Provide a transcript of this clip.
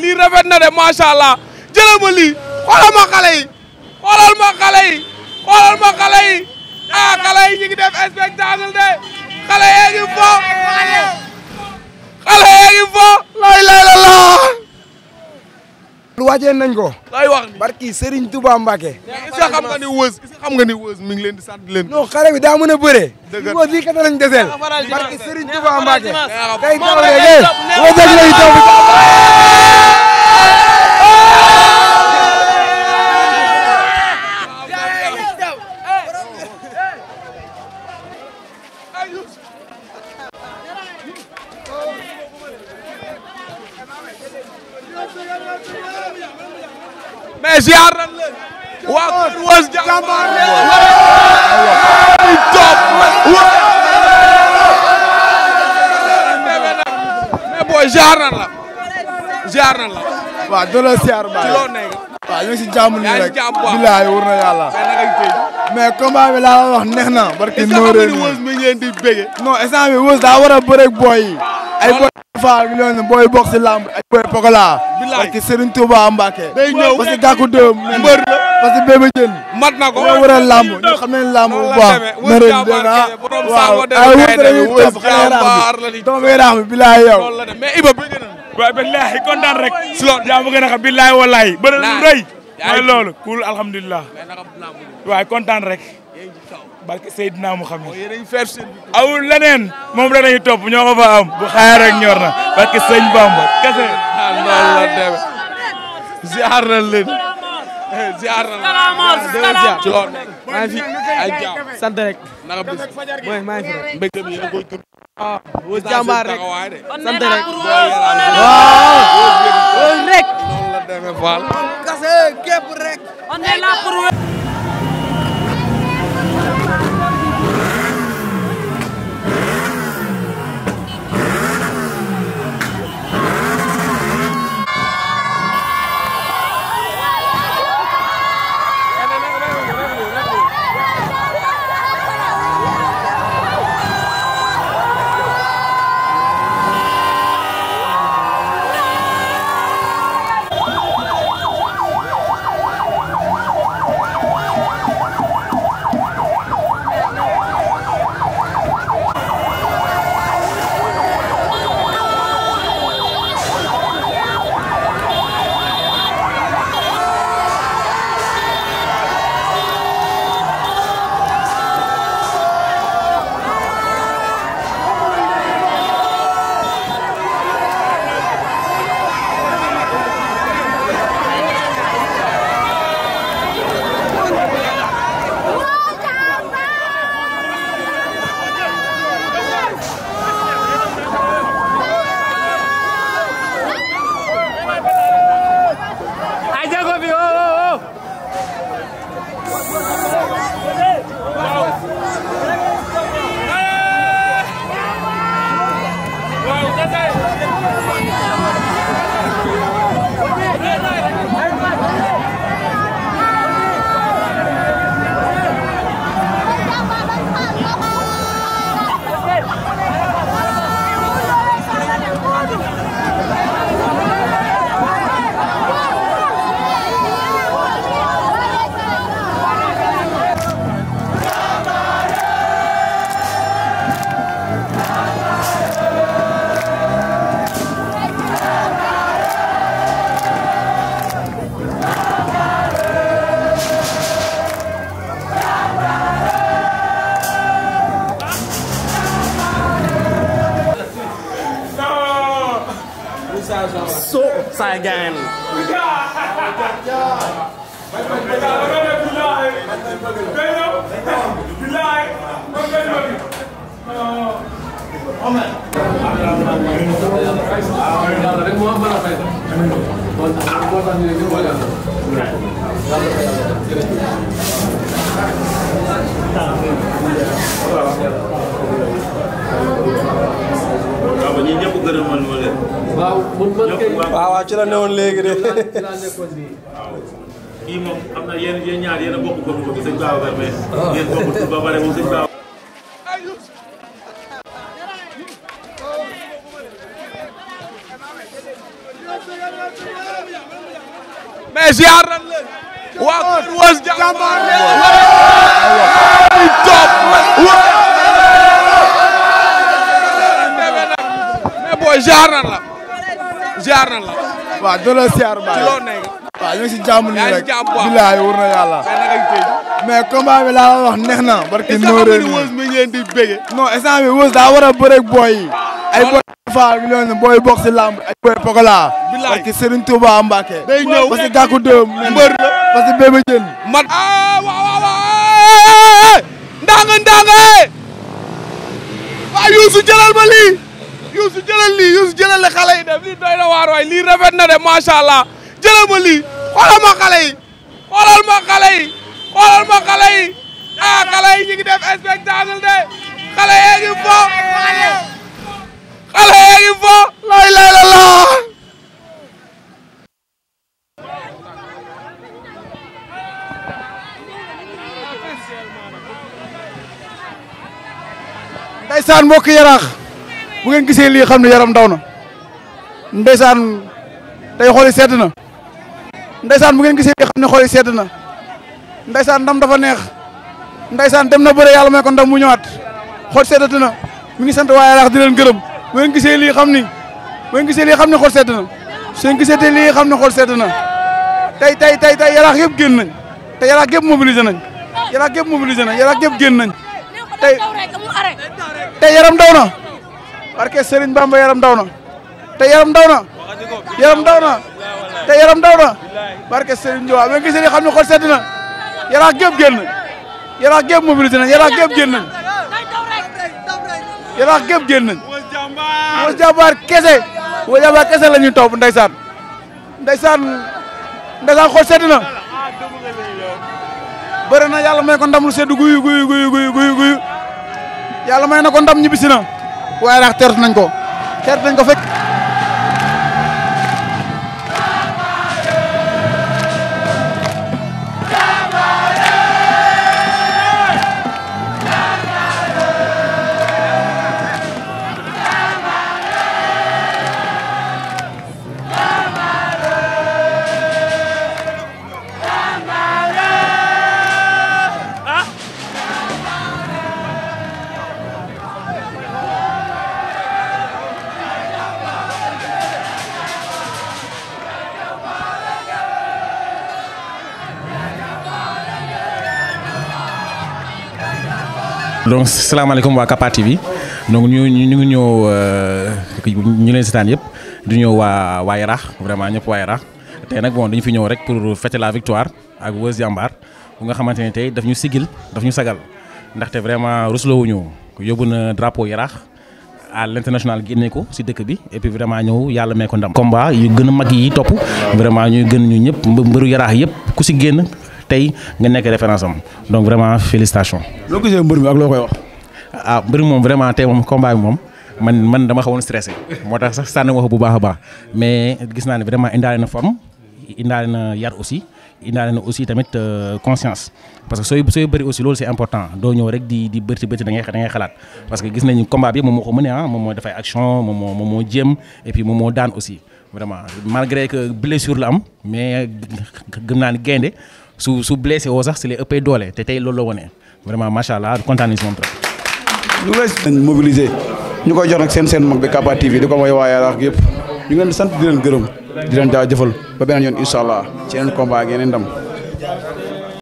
lii rafet na de macha allah jëlal ma ma xale yi xoolal ma xale yi xoolal ma ah, de xale yee ngi fo xale yee ngi fo lay lay la la nañ ko lay wax ni barki Serigne Touba Mbacke est-ce que xam nga ni wës est-ce xam nga ni wës mi ngi leen di sant leen non bi daa mën a bëree wës lii kat barki Serigne Touba Mbacke tey kaw léegi mais ziar nañ leen. waa kër Weuz jàmbaar leen top mais booy ziar nañ la ziar nañ la. waaw delloo ziar baax ci loo nekk. waaw ñu ngi si jàmm nii rek bilaay wóor na yàlla. mais combat bi laa wax neex na. barki nooree nii est-ce que xam nga ni Weuz mi ngeen di bége. non instant bi Weuz daa war a bëreeg booy yi. ay booy Fall million ne booy bokk si ay booy Pokola. bilaay parce que Serigne Touba Mbacke. day ñëw parce que Gakou Dóom. mbër la parce na ko ñoo waral làmb ñu na ay wut rek ñu tëb xëy na raam rek. yaa ma gën a xam bilaay walaay. bëri na lu rëy. mooy loolu. kuul alhamdulilah. rek. barke Seydina Mouhamed. Oh, awul leneen moom la ñuy topp ñoo ko fa am bu xaar ak ñor na barke sëñ Bamba kese. ah noonu la demee ziar na leen ziar na maa ngi fi ay jàmm sant rek. naka bis mooy maa ngi fi rek. mbégte bi yéen koy kër. ah wóor jàmbaar rek sant rek. waaw wóor rek. noonu la demee Fall. kese képp rek. on est là pour. outside gang. Thank you. waaw ah, ba ñun ñëpp gërëmal ma leen. waaw man man kay waaw waaw ci la newoon léegi de. ci la nekkoon nii. waaw kii moom am na yéen yéen ñaar yéen a bokk góob góob yi sëñ Babacar mais. yéen bokkul tur ba pare moom sëñ Babacar. mais ziar nañ leen. waa Kër Waas jàmbaar leen. booy ziar nan la ziar nan la. waaw doo la si jàmm rek bilaay wër na yàlla. mais combat laa wax neex na. barki nooree nii di bége. non instant bi daa war a bëreeg ay booy faal bi loolu booy bokk ay booy pokola. bilaay parce que Serigne Touba Mbacke. day ñëw parce que Gakou Deo la parce que Bébé Diène. man ah waaw waaw waaw. Eh, eh, eh, Youssou jëlal lii Youssou jëlal li xale yi def lii doy na waar waay lii rafet na de macha allah jëlal ma lii xoolal ma xale yi xoolal ma xale yi xoolal ma xale yi ah xale yi ñu ngi def spectacle de xale yee ngi fo xale yee ngi fo lay lay la laa ndeysaan mbokk yaraax bu ngeen gisee lii xam ne yaram daw na ndeysaan tey xool yi sedd na ndeysaan bu ngeen gisee lii xam ne xool sedd na ndeysaan dam dafa neex ndeysaan dem na bëre yàlla may ko ndam mu ñëwaat xool seddati na mi ngi sant waaye rax di leen gërëm bu ngeen gisee lii xam ni bu ngeen gisee lii xam ne xool sedd na su ngeen li te xam ne xool sedd na tey tey tey tey yaraax yëpp génn nañ te yaraax yëpp mobilisé nañ yaraax yëpp mobilisé nañ yaraax yëpp génn nañ tey tey yaram daw na barke Serigne Bamba yaram daw na te yaram daw na yaram daw na te yaram daw na barke Serigne Ndiouba ba gisee xam ne xol sedd na yaraax gépp génn yaraax gépp mobilisé nañ yaraax gépp génn nañ yaraax gépp génn nañ Weuz Diambar kese Weuz Diambar kese la ñuy topp ndeysaan ndeysaan ndeysaan xol sedd na bëri na yàlla may ko ndam lu sedd guyu guyu guyu guyu guyu yàlla may na ko ndam ñibbisi na waaye rax teertu nañ ko teertu nañ ko fekk donc salaamaaleykum waa Capa bi donc ñu ñu ngi ñëw euh, ñu leen seetaan yëpp du ñëw waa waa Yaraax vraiment ñëpp waa Yaraax te nag bon dañu fi ñëw rek pour fêter la victoire ak Weuz Diambar bu nga xamante ne tey daf ñu sigil daf ñu sagal ndaxte vraiment rusloowuñu yóbbu na drapeau Yaraax à l'international génnee ko si dëkk bi et vraiment ñëw yàlla mee ko ndam. combat yu gën a mag yi topp vraiment ñuy gën ñu ñëpp mbëru Yaraax yëpp ku si génn. tey nga nek référence am donc vraiment félicitations. lo gisee mbër mi ak lo koy wax. ah mbër mom vraiment tey mom combat bi moom. man man dama xawone stressé motax sax sànni wax bu baax baax mais gis na ni vraiment indalé na forme indalé na yar aussi indalé na aussi tamit euh, conscience parce que soy soy bëri aussi lolou c'est important do ñow rek di di bërti bërti da ngay da ngay xalaat parce que gis nañu combat bi mom moko ko hein mom moom moo action mom mo moom moo et puis moom moo dan aussi vraiment malgré que blessure la am mais gëm na ni gaynde su su blessé woo sax si lay ëppee doole te tey loolu la wone vraiment macha allah kontaan nañ si moom trop. lu wees nañ mobiliser ñu koy jox nag seen seen mag bi Capa TV di ko mooy waa Yaraax yëpp ñu ngeen leen di sant di gërëm di leen jaajëfal ba beneen yoon incha allah ci yeneen combat ak